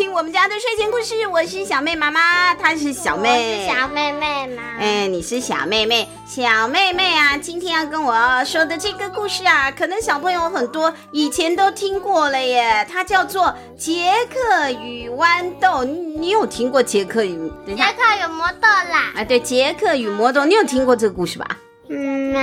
聽我們家的睡前故事，我是小妹媽媽，她是小妹，我是小妹妹嗎？哎、欸，你是小妹妹，小妹妹啊！今天要跟我說的這個故事啊，可能小朋友很多以前都聽過了耶，它叫做《傑克與豌豆》你。你有聽過《傑克與》？等下，《傑克與魔豆》啦。啊，對，《傑克與魔豆》，你有聽過這個故事吧？嗯，沒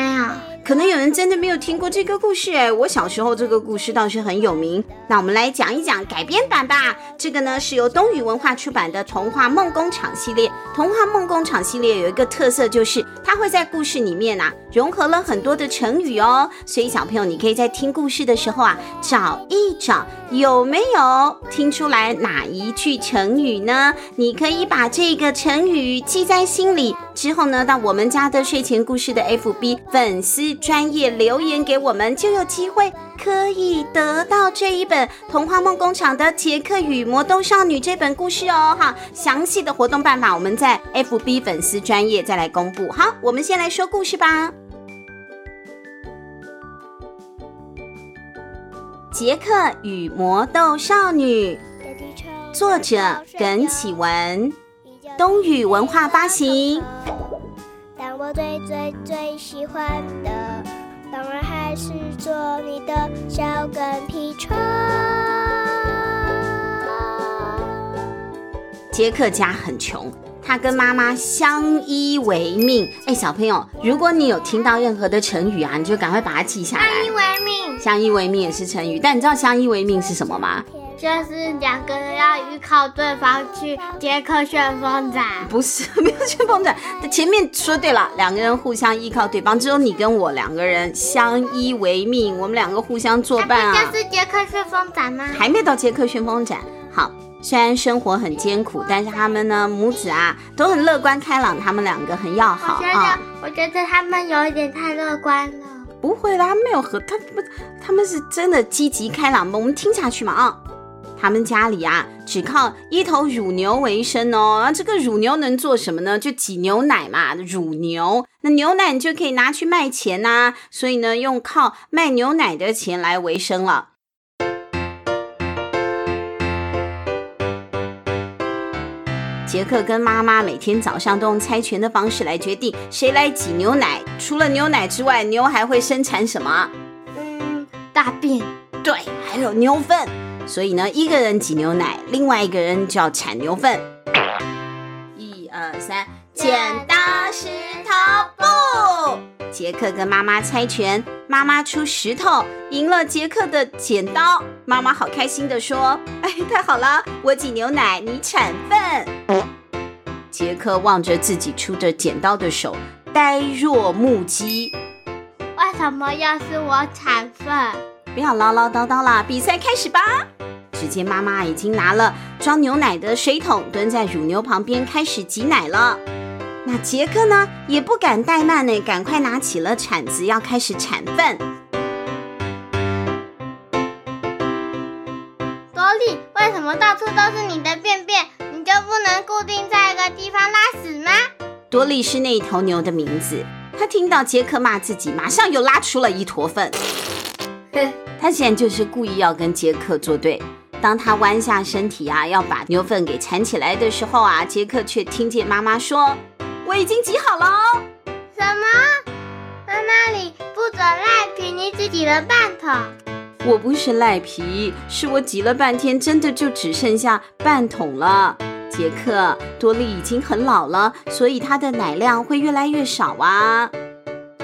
有。可能有人真的沒有聽過這個故事，欸，我小時候這個故事倒是很有名。那我們來講一講改編版吧。這個呢是由東雨文化出版的童話夢工廠系列，《童話夢工廠》系列，《童話夢工廠》系列有一個特色就是它會在故事裡面啊融合了很多的成語哦。所以小朋友，你可以在聽故事的時候啊找一找有沒有聽出來哪一句成語呢？你可以把這個成語記在心裡，之後呢到我們家的睡前故事的 FB 粉絲。專頁留言給我們，就有機會可以得到這一本《童話夢工廠》的《傑克與魔豆少女》這本故事哦！哈，詳細的活動辦法我們在 FB 粉絲專頁再來公布。好，我們先來說故事吧，《傑克與魔豆少女》，作者耿啟文，東雨文化發行。但我最最最喜歡的，當然還是做你的小跟屁蟲。傑克家很窮，他跟媽媽相依為命。哎，小朋友，如果你有聽到任何的成語啊，你就趕快把它記下來。相依為命，相依為命也是成語，但你知道相依為命是什麼嗎？就是兩個人要依靠對方去傑克旋風斬，不是沒有旋風斬。前面說對了，兩個人互相依靠對方，只有你跟我兩個人相依為命，我們兩個互相作伴啊。就是傑克旋風斬嗎？還沒到傑克旋風斬。好，雖然生活很艱苦，但是他們呢，母子啊都很樂觀開朗，他們兩個很要好，我覺得，啊、我覺得他們有一點太樂觀了。不會啦，他們沒有和他不，他們是真的積極開朗嗎？我們聽下去嘛啊。他們家裡啊，只靠一頭乳牛為生哦。那這個乳牛能做什麼呢？就擠牛奶嘛，乳牛。那牛奶你就可以拿去賣錢呐、啊。所以呢，用靠賣牛奶的錢來為生了。傑克跟媽媽每天早上都用猜拳的方式來決定誰來擠牛奶。除了牛奶之外，牛還會生產什麼？嗯，大便。對，還有牛糞。所以呢，一個人擠牛奶，另外一個人就要鏟牛糞。一、二、三，剪刀石頭布。傑克跟媽媽猜拳，媽媽出石頭，贏了傑克的剪刀。媽媽好開心的說：“哎，太好了，我擠牛奶，你鏟糞。”傑克望着自己出着剪刀的手，呆若木雞。為什麼要是我鏟糞？不要嘮嘮叨叨了，比賽開始吧！只見媽媽已經拿了裝牛奶的水桶，蹲在乳牛旁邊開始擠奶了。那傑克呢，也不敢怠慢呢，趕快拿起了鏟子要開始鏟糞。多利，為什麼到處都是你的便便？你就不能固定在一個地方拉屎嗎？多利是那一頭牛的名字。他聽到傑克罵自己，馬上又拉出了一坨糞。嘿。他現在就是故意要跟傑克作對。當他彎下身體啊，要把牛糞給鏟起來的時候啊，傑克卻聽見媽媽說：“我已經擠好了哦。”什麼？媽媽，你不准賴皮你！你只擠了半桶。我不是賴皮，是我擠了半天，真的就只剩下半桶了。傑克，多利已經很老了，所以它的奶量會越來越少啊。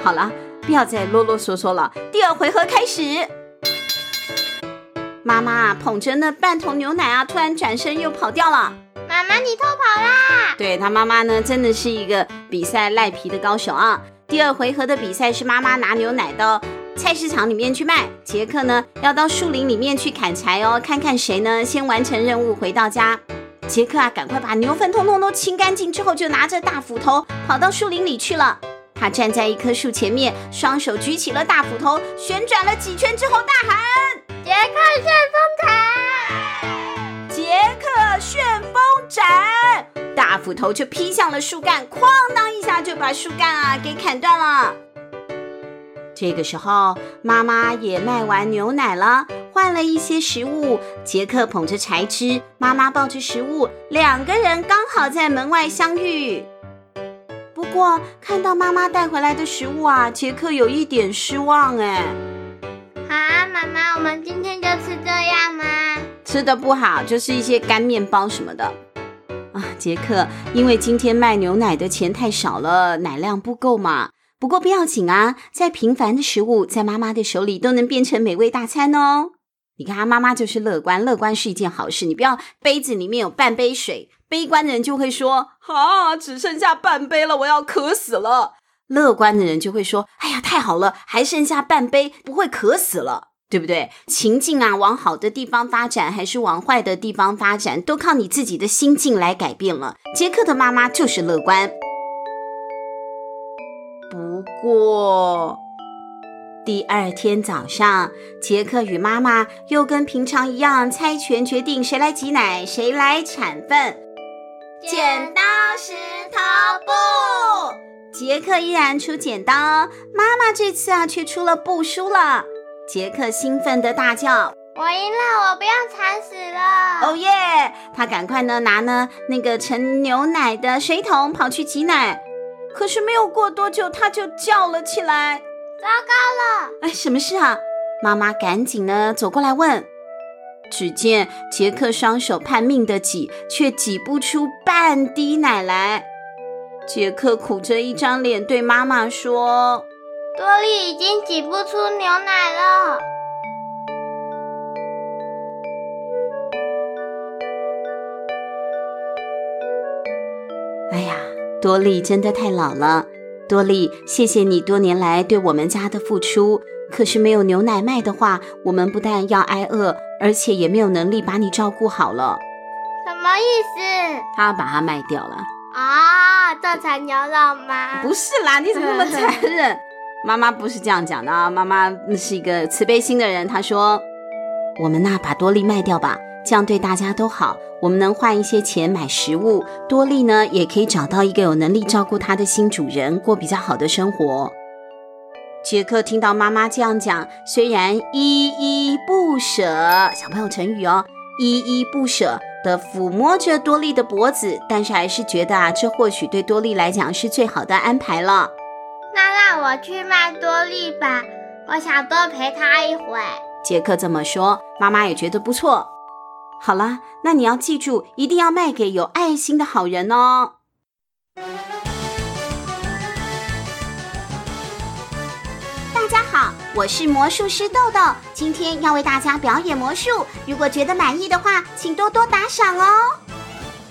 好了，不要再囉囉嗦嗦了。第二回合開始。媽媽捧着那半桶牛奶啊，突然轉身又跑掉了。媽媽，你偷跑啦！對，他媽媽呢，真的是一個比賽賴皮的高手啊。第二回合的比賽是媽媽拿牛奶到菜市場裡面去賣，傑克呢，要到樹林裡面去砍柴哦，看看誰呢，先完成任務回到家。傑克啊，趕快把牛糞通通都清乾淨之後，就拿着大斧頭跑到樹林裡去了。他站在一棵樹前面，雙手舉起了大斧頭，旋轉了幾圈之後大喊。傑克旋風斬！傑克旋風斬！大斧頭就劈向了樹幹，哐噹一下就把樹幹啊給砍斷了。這個時候，媽媽也賣完牛奶了，換了一些食物。傑克捧着柴枝，媽媽抱着食物，兩個人剛好在門外相遇。不過，看到媽媽帶回來的食物啊，傑克有一點失望哎、欸。啊，媽媽，我們今天就吃這樣嗎？吃得不好，就是一些乾麵包什麼的。啊，傑克，因為今天賣牛奶的錢太少了，奶量不夠嘛。不過不要緊啊，再平凡的食物，在媽媽的手裡都能變成美味大餐哦。你看，媽媽就是樂觀，樂觀是一件好事。你不要杯子裡面有半杯水，悲觀的人就會說：哈、啊，只剩下半杯了，我要渴死了。樂觀的人就會說：“哎呀，太好了，還剩下半杯，不會渴死了，對不對？”情境啊，往好的地方發展還是往壞的地方發展，都靠你自己的心境來改變了。傑克的媽媽就是樂觀。不過第二天早上，傑克與媽媽又跟平常一樣猜拳決定誰來擠奶，誰來鏟糞。剪刀石頭布。傑克依然出剪刀，媽媽這次啊卻出了布，輸了。傑克興奮地大叫：“我贏了，我不要鏟屎了！”哦耶！他趕快呢拿呢那個盛牛奶的水桶跑去擠奶，可是沒有過多久，他就叫了起來：“糟糕了！”哎，什麼事啊？媽媽趕緊呢走過來問。只見傑克雙手拼命地擠，卻擠不出半滴奶來。傑克苦着一張臉對媽媽說：“多莉已經擠不出牛奶了。”哎呀，多莉真的太老了。多莉，謝謝你多年來對我們家的付出。可是沒有牛奶賣的話，我們不但要挨餓，而且也沒有能力把你照顧好了。什麼意思？他把它賣掉了。啊、哦，這才牛老嗎？不是啦，你怎麼那麼殘忍？ 媽媽不是這樣講的啊，媽媽是一個慈悲心的人。她說，我們那把多利賣掉吧，這樣對大家都好。我們能換一些錢買食物，多利呢也可以找到一個有能力照顧它的新主人，過比較好的生活。傑克聽到媽媽這樣講，雖然依依不捨，小朋友成語哦。依依不捨地撫摸着多莉的脖子，但是還是覺得啊，這或許對多莉來講是最好的安排了。那讓我去賣多莉吧，我想多陪他一會。傑克這麼說，媽媽也覺得不錯。好了，那你要記住，一定要賣給有愛心的好人哦。我是魔術師豆豆，今天要為大家表演魔術。如果覺得滿意的話，請多多打賞哦。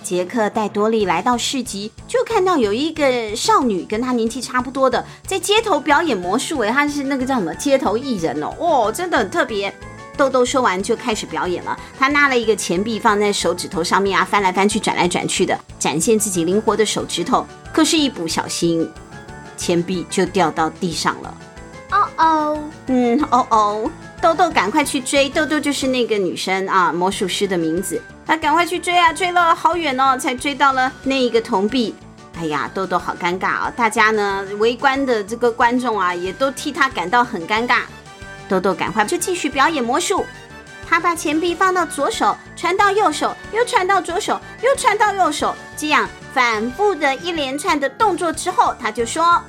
傑克帶多利來到市集，就看到有一個少女跟她年紀差不多的，在街頭表演魔術。誒，她是那個叫什麼街頭藝人哦，哦，真的很特別。豆豆說完就開始表演了，她拿了一個錢幣放在手指頭上面啊，翻來翻去，轉來轉去的，展現自己靈活的手指頭。可是，一不小心，錢幣就掉到地上了。哦，oh. 嗯，哦哦，豆豆趕快去追，豆豆就是那個女生啊，魔術師的名字，她趕快去追啊，追了好遠哦，才追到了那一個銅幣，哎呀，豆豆好尷尬啊、哦，大家呢，圍觀的這個觀眾啊，也都替她感到很尷尬，豆豆趕快就繼續表演魔術，她把錢幣放到左手，傳到右手，又傳到左手，又傳到右手，這樣反覆的一連串的動作之後，她就說。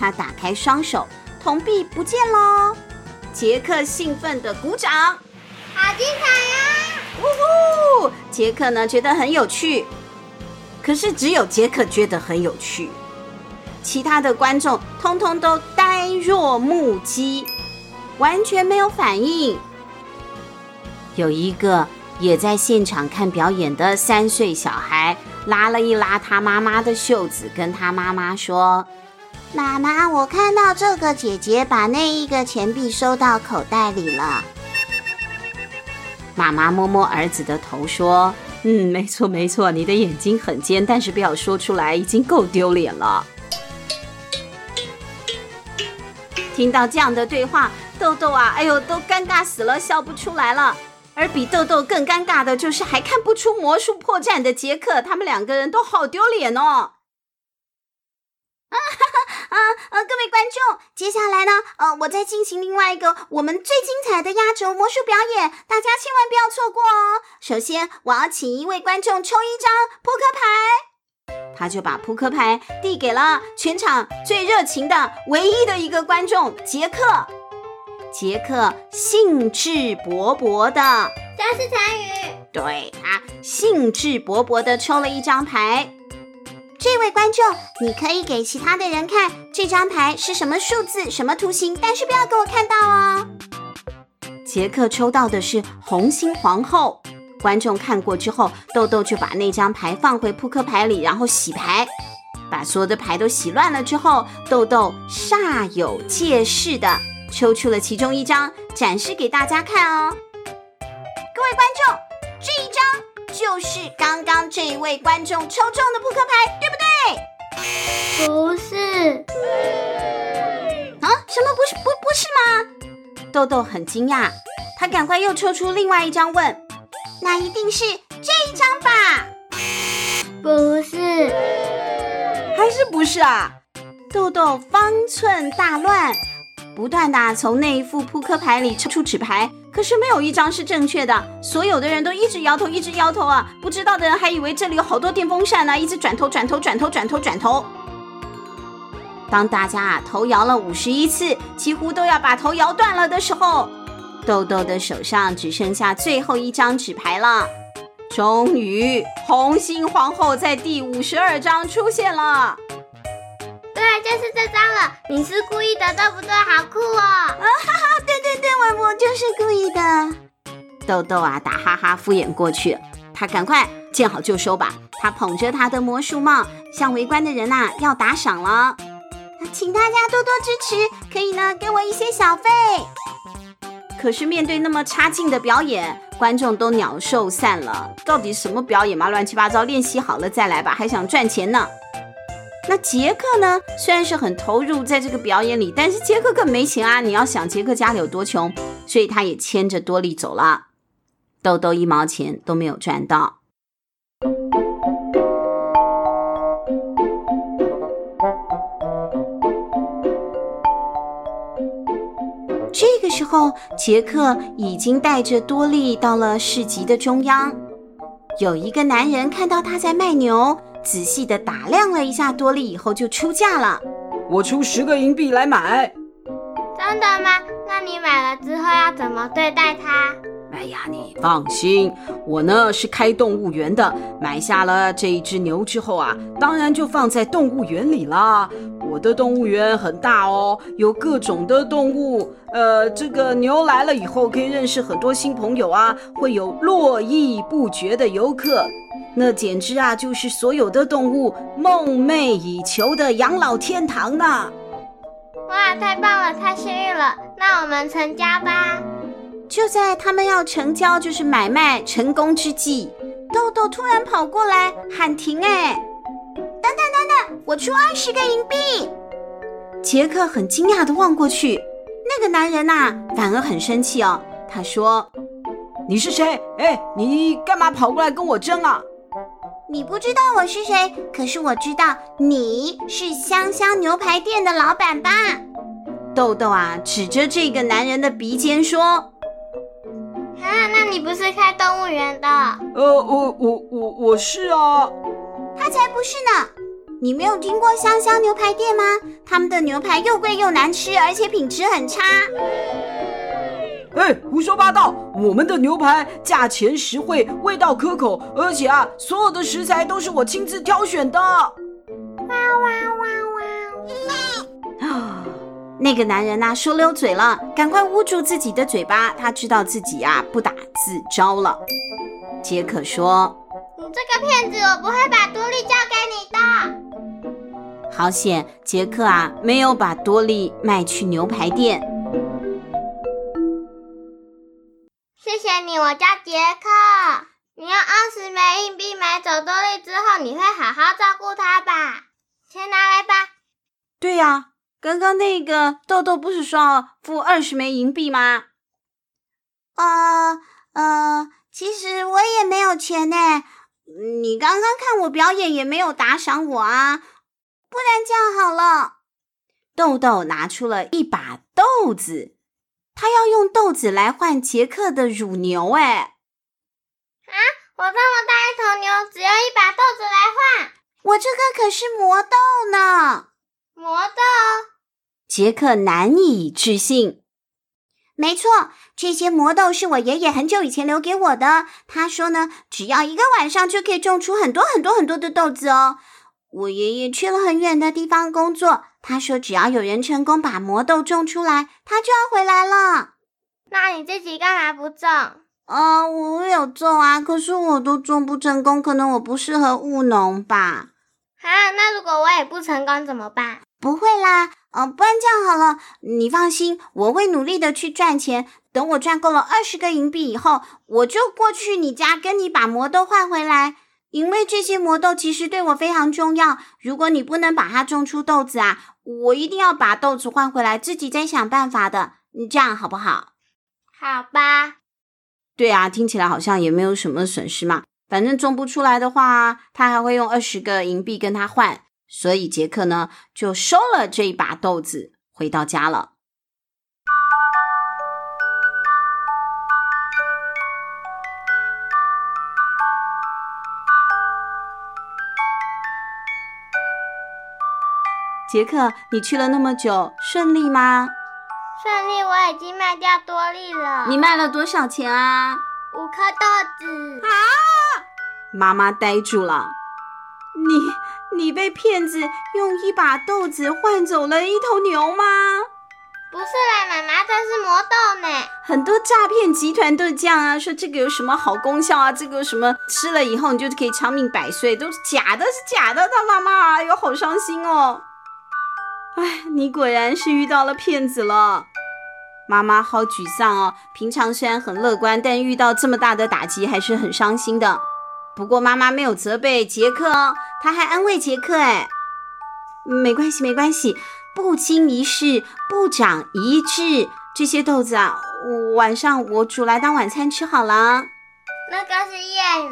他打開雙手，銅幣不見了。傑克興奮地鼓掌，好精彩呀！嗚呼！傑克呢覺得很有趣，可是只有傑克覺得很有趣，其他的觀眾通通都呆若木雞，完全沒有反應。有一個也在現場看表演的三歲小孩拉了一拉他媽媽的袖子，跟他媽媽說。媽媽，我看到這個姐姐把那一個錢幣收到口袋裡了。媽媽摸摸兒子的頭說：“嗯，沒錯沒錯，你的眼睛很尖，但是不要說出來，已經夠丟臉了。”聽到這樣的對話，豆豆啊，哎呦，都尷尬死了，笑不出來了。而比豆豆更尷尬的就是還看不出魔術破綻的杰克，他們兩個人都好丟臉哦。啊！啊呃，各位觀眾，接下來呢，呃，我再進行另外一個我們最精彩的壓軸魔術表演，大家千萬不要錯過哦。首先，我要請一位觀眾抽一張撲克牌。他就把撲克牌遞給了全場最熱情的唯一的一個觀眾傑克。傑克興致勃勃的，這是成語，對，他興致勃勃的抽了一張牌。這位觀眾，你可以給其他的人看這張牌是什麼數字、什麼圖形，但是不要給我看到哦。傑克抽到的是紅心皇後，觀眾看過之後，豆豆就把那張牌放回撲克牌裡，然後洗牌，把所有的牌都洗亂了之後，豆豆煞有介事的抽出了其中一張，展示給大家看哦。各位觀眾，這一張，就是剛剛這一位觀眾抽中的撲克牌，對不對？不是。啊？什麼？不是，不，不是嗎？豆豆很驚訝，他趕快又抽出另外一張，問：“那一定是這一張吧？”不是，還是不是啊？豆豆方寸大亂，不斷地從那一副撲克牌裡抽出紙牌。可是沒有一張是正確的，所有的人都一直搖頭，一直搖頭啊！不知道的人還以為這裡有好多電風扇呢，啊，一直轉頭，轉頭，轉頭，轉頭，轉頭。當大家啊頭搖了五十一次，幾乎都要把頭搖斷了的時候，豆豆的手上只剩下最後一張紙牌了。終於，紅心皇後在第五十二張出現了。對，就是這張了！你是故意的，對不對？好酷哦！啊哈哈。我就是故意的，豆豆啊，打哈哈敷衍過去。他趕快見好就收吧。他捧着他的魔術帽，向圍觀的人吶、啊、要打賞了，請大家多多支持，可以呢給我一些小費。可是面對那麼差勁的表演，觀眾都鳥獸散了。到底什麼表演嘛？亂七八糟，練習好了再來吧，還想賺錢呢。那傑克呢？雖然是很投入在這個表演裡，但是傑克可沒錢啊！你要想傑克家裡有多窮，所以他也牽着多利走了，豆豆一毛錢都沒有賺到。這個時候，傑克已經帶着多利到了市集的中央，有一個男人看到他在賣牛，仔細地打量了一下多莉以後，就出價了。我出十個銀幣來買。真的嗎？那你買了之後要怎麼對待它？哎呀，你放心，我呢是開動物園的，買下了這一隻牛之後啊，當然就放在動物園裡啦。我的動物園很大哦，有各種的動物。呃，這個牛來了以後，可以認識很多新朋友啊，會有絡繹不絕的遊客，那簡直啊，就是所有的動物夢寐以求的養老天堂呢！哇，太棒了，太幸運了，那我們成交吧！就在他們要成交，就是買賣成功之際，豆豆突然跑過來喊停，哎，等等等。我出二十個銀幣。傑克很驚訝的望過去，那個男人吶，啊，反而很生氣哦。他說：“你是誰？哎，你幹嘛跑過來跟我爭啊？”你不知道我是誰，可是我知道你是香香牛排店的老闆吧？豆豆啊，指着這個男人的鼻尖說：“啊，那你不是開動物園的？”呃，我我我我是啊。他才不是呢。你沒有聽過香香牛排店嗎？他們的牛排又貴又難吃，而且品質很差。哎、欸，胡說八道！我們的牛排價錢實惠，味道可口，而且啊，所有的食材都是我親自挑選的。哇哇哇哇！啊，哇呃、 那個男人吶、啊、說溜嘴了，趕快捂住自己的嘴巴，他知道自己呀、啊、不打自招了。傑克說：“你這個騙子，我不會把多利交給你。”好險，傑克啊，沒有把多利賣去牛排店。謝謝你，我叫傑克。你用二十枚硬幣買走多利之後，你會好好照顧他吧？錢拿來吧。對呀、啊，剛剛那個豆豆不是說要付二十枚銀幣嗎？啊、呃，呃，其實我也沒有錢呢、欸。你剛剛看我表演也沒有打賞我啊。不然這樣好了，豆豆拿出了一把豆子，他要用豆子來換傑克的乳牛。哎，啊！我這麼大一頭牛，只用一把豆子來換。我這個可是魔豆呢，魔豆！傑克難以置信。沒錯，這些魔豆是我爺爺很久以前留給我的。他說呢，只要一個晚上就可以種出很多很多很多的豆子哦。我爺爺去了很遠的地方工作，他說只要有人成功把魔豆種出來，他就要回來了。那你自己幹嘛不種？嗯、呃，我有種啊，可是我都種不成功，可能我不適合務農吧。啊，那如果我也不成功怎麼辦？不會啦，嗯、呃，不然這樣好了，你放心，我會努力的去賺錢，等我賺夠了二十個銀幣以後，我就過去你家跟你把魔豆換回來。因為這些魔豆其實對我非常重要，如果你不能把它種出豆子啊，我一定要把豆子換回來，自己再想辦法的。你這樣好不好？好吧。對啊，聽起來好像也沒有什麼損失嘛。反正種不出來的話，他還會用二十個銀幣跟他換。所以傑克呢，就收了這一把豆子，回到家了。傑克，你去了那麼久，順利嗎？順利，我已經賣掉多利了。你賣了多少錢啊？五顆豆子。啊！媽媽呆住了。你你被騙子用一把豆子換走了一頭牛嗎？不是啦，媽媽，這是魔豆呢。很多詐騙集團都這樣啊，說這個有什麼好功效啊？這個有什麼吃了以後你就可以長命百歲，都是假的，是假的。他媽媽，啊，哎呦，好傷心哦。哎，你果然是遇到了騙子了，媽媽好沮喪哦。平常雖然很樂觀，但遇到這麼大的打擊還是很傷心的。不過媽媽沒有責備傑克哦，她還安慰傑克哎、嗯，沒關係沒關係，不經一事不長一智。這些豆子啊，晚上我煮來當晚餐吃好了。那個是諺語，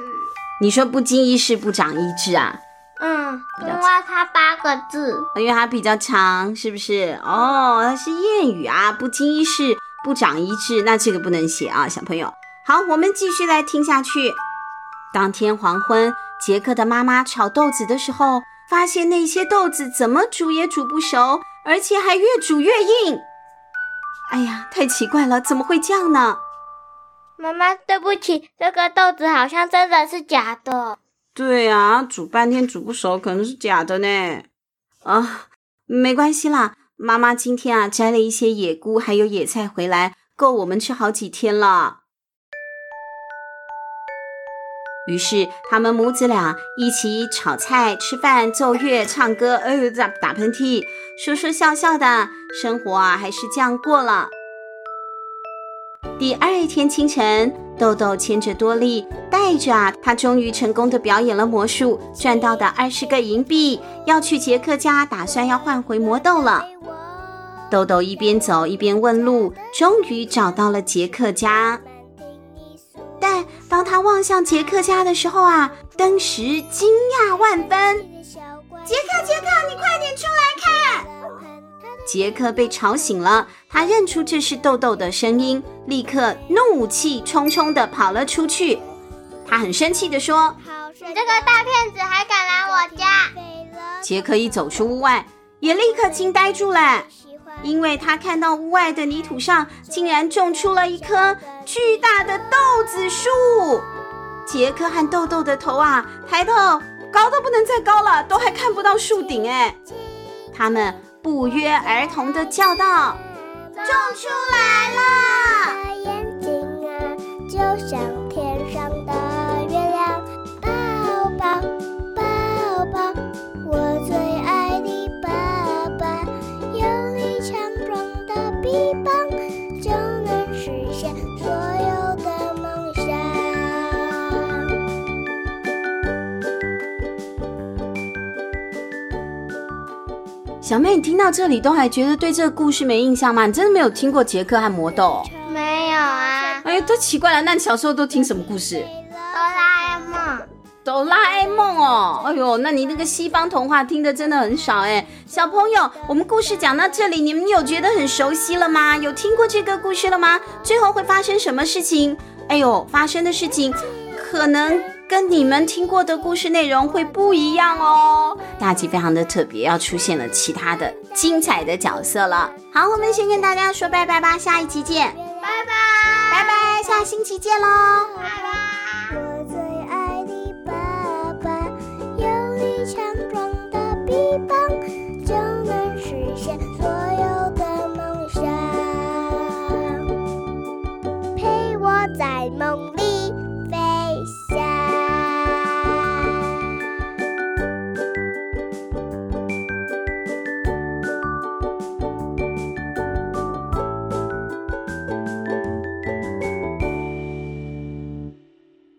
你說不經一事不長一智啊？嗯，因為它八個字，因為它比較長，是不是？哦，它是諺語啊，不經一事不長一智，那這個不能寫啊，小朋友。好，我們繼續來聽下去。當天黃昏，傑克的媽媽炒豆子的時候，發現那些豆子怎麼煮也煮不熟，而且還越煮越硬。哎呀，太奇怪了，怎麼會這樣呢？媽媽，對不起，這個豆子好像真的是假的。對呀、啊，煮半天煮不熟，可能是假的呢。啊，沒關係啦，媽媽今天啊摘了一些野菇，還有野菜回來，夠我們吃好幾天了。於是他們母子倆一起炒菜、吃飯、奏樂、唱歌，哎呦，打噴嚏，說說笑笑的生活啊，還是這樣過了。第二天清晨。豆豆牽着多莉，帶着啊，他終於成功的表演了魔術，賺到的二十個銀幣，要去傑克家，打算要換回魔豆了。豆豆一邊走一邊問路，終於找到了傑克家。但當他望向傑克家的時候啊，登時驚訝萬分。傑克，傑克，你快點出來！傑克被吵醒了，他認出這是豆豆的聲音，立刻怒氣沖沖地跑了出去。他很生氣地說：“你這個大騙子，還敢來我家！”傑克一走出屋外，也立刻驚呆住了，因為他看到屋外的泥土上竟然種出了一棵巨大的豆子樹。傑克和豆豆的頭啊，抬頭高得不能再高了，都還看不到樹頂哎。他們。不約而同地叫道：“種出來了！”小妹，你聽到這裡都還覺得對這個故事沒印象嗎？你真的沒有聽過傑克和魔豆？沒有啊！哎呦，都奇怪了，那你小時候都聽什麼故事？哆啦 A 夢。哆啦 A 夢哦，哎呦，那你那個西方童話聽得真的很少哎。小朋友，我們故事講到這裡，你們有覺得很熟悉了嗎？有聽過這個故事了嗎？最後會發生什麼事情？哎呦，發生的事情可能。跟你們聽過的故事內容會不一樣哦，下期非常的特別，要出現了其他的精彩的角色了。好，我們先跟大家說拜拜吧，下一期見，拜拜，拜拜，下星期見嘍，拜拜。拜拜我最愛的爸爸。有